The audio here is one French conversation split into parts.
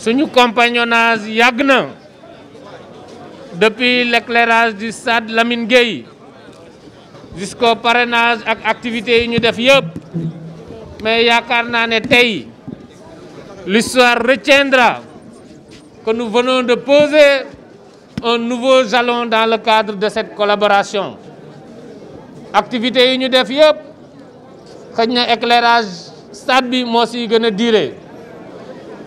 suñu compagnonnage a depuis l'éclairage du stade Lamine Gueye jusqu'au parrainage et l'activité de ñu def FIOP. mais Yakarna ne l'histoire retiendra que nous venons de poser un nouveau jalon dans le cadre de cette collaboration L'activité de ñu def éclairage stade bi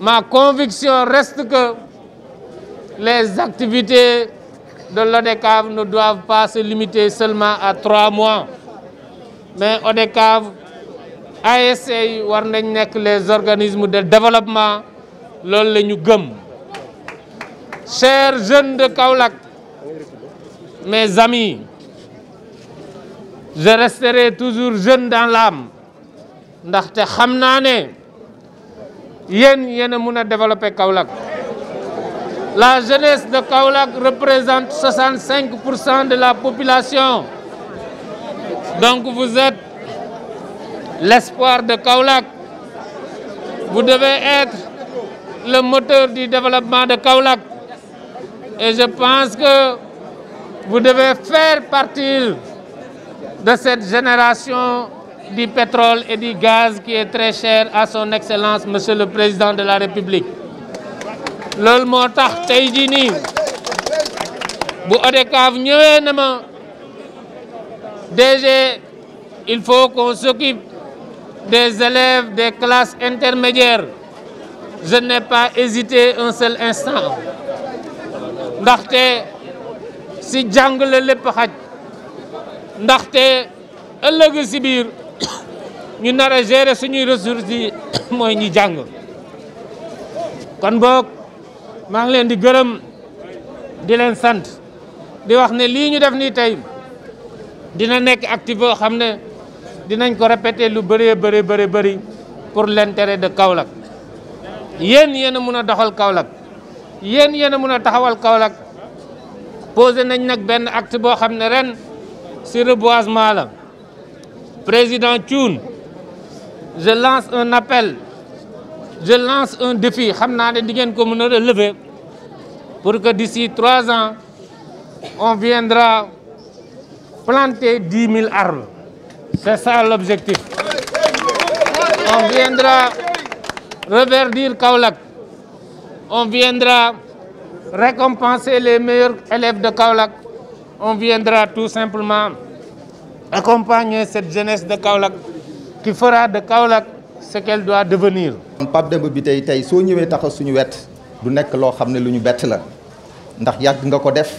ma conviction reste que les activités de l'ODECAV ne doivent pas se limiter seulement à trois mois. Mais ODECAV, ASI, war les organismes de développement l'ol les Chers jeunes de Kaulak, mes amis, je resterai toujours jeune dans l'âme la jeunesse de Kaulak représente 65 de la population donc vous êtes l'espoir de Kaulak. vous devez être le moteur du développement de Kaulak. et je pense que vous devez faire partie de cette génération du pétrole et du gaz qui est très cher à son excellence monsieur le président de la république Lol bu il faut qu'on s'occupe des élèves des classes intermédiaires je n'ai pas hésité un seul instant si jungle lepp ndax ñu nara gérer suñu ressource yi mooy ñi jang kon bok ma ngi leen di gëreum di leen sant di wax ne li ñu def ni tay dina nek active boo xam dinañ ko répéter lu bëré bëré bëré bëri pour l'intérêt de Kaolack yeen yéen mëna doxal Kaolack yeen yéen mëna taxawal Kaolack posé nañ nak ben acte bo xamne ren sur reboisement la président Thioune je lance un appel je lance un défi je ne pour que d'ici trois ans on viendra planter 10 000 arbres c'est ça l'objectif on viendra reverdir Kaolak, on viendra récompenser les meilleurs élèves de Kaolak, on viendra tout simplement accompagner cette jeunesse de Kaolak. qui fera de Kaolack ce qu'elle doit devenir. Pape de bi tey tey soo ñëwee taxaw suñu wet du nekk loo xam ne lu ñu bett la ndax yàgg nga ko def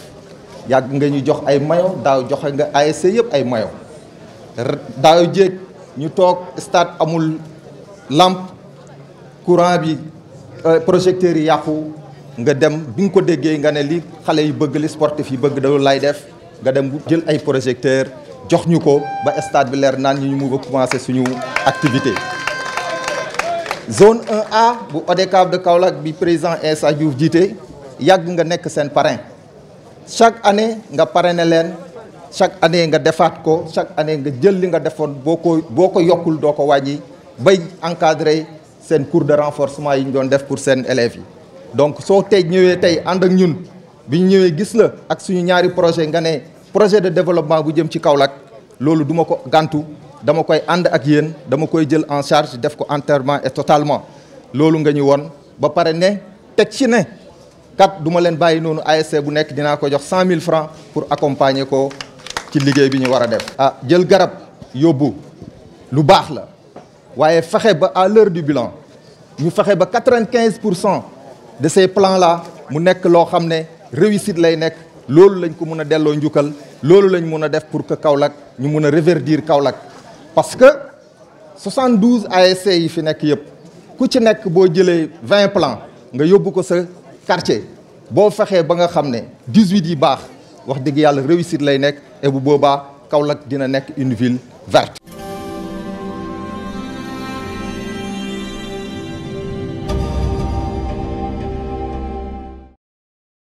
yàgg nga ñu jox ay mayo daw joxe nga ASC yëpp ay mayo daw jéeg ñu tok stade amul lampe courant bi euh, projecteur yi yaqku nga dem biñ ko déggé nga né li xalé yi bëgg li sportif yi bëgg da loolu lay def nga dem jël ay projecteur jox ñu ko ba stade bi leer naan ñu mu commencé suñu activité zone 1A bu ODCAV de Kaolack bi présent et sa juvité, yàgg nga nekk seen parrain chaque année nga parrainé leen chaque année nga defaat ko chaque année nga jël li nga defoon beaucoup ko boo ko yokkul bay encadré sen cours de renforcement yi ñu doon def pour sen élèves yi donc so tay ñëwé tay and ak ñun bi ñëwé gis la ak suñu ñaari projet nga né projet de développement bu jëm ci Kaolack loolu duma ko gantu dama koy And ak yéen dama koy jël en charge def ko entièrement et totalement loolu nga ñu won ba paré né teg ci né kat duma len leen nonu ASC bu nekk dina ko jox 100000 francs pour accompagner ko ci liggéey bi ñu wara def. ah jël garab yobbu lu bax la waaye fexe ba à l'heure du bilan ñu fexe ba 95% de ces plans là mu nekk lo xamné réussite lay nekk loolu lañ ko mun a delloo njukkal loolu lañ mun a def pour que Kaolack ñu mun a reverdir Kaolack parce que 72 ASC yi fi nekk yëpp ku ci nekk boo jëlee 20 plans nga yóbbu ko sa quartier boo fexee ba nga xam ne 18 yi baax wax dëgg yàlla réussite lay nekk et bu boobaa Kaolack dina nekk une ville verte.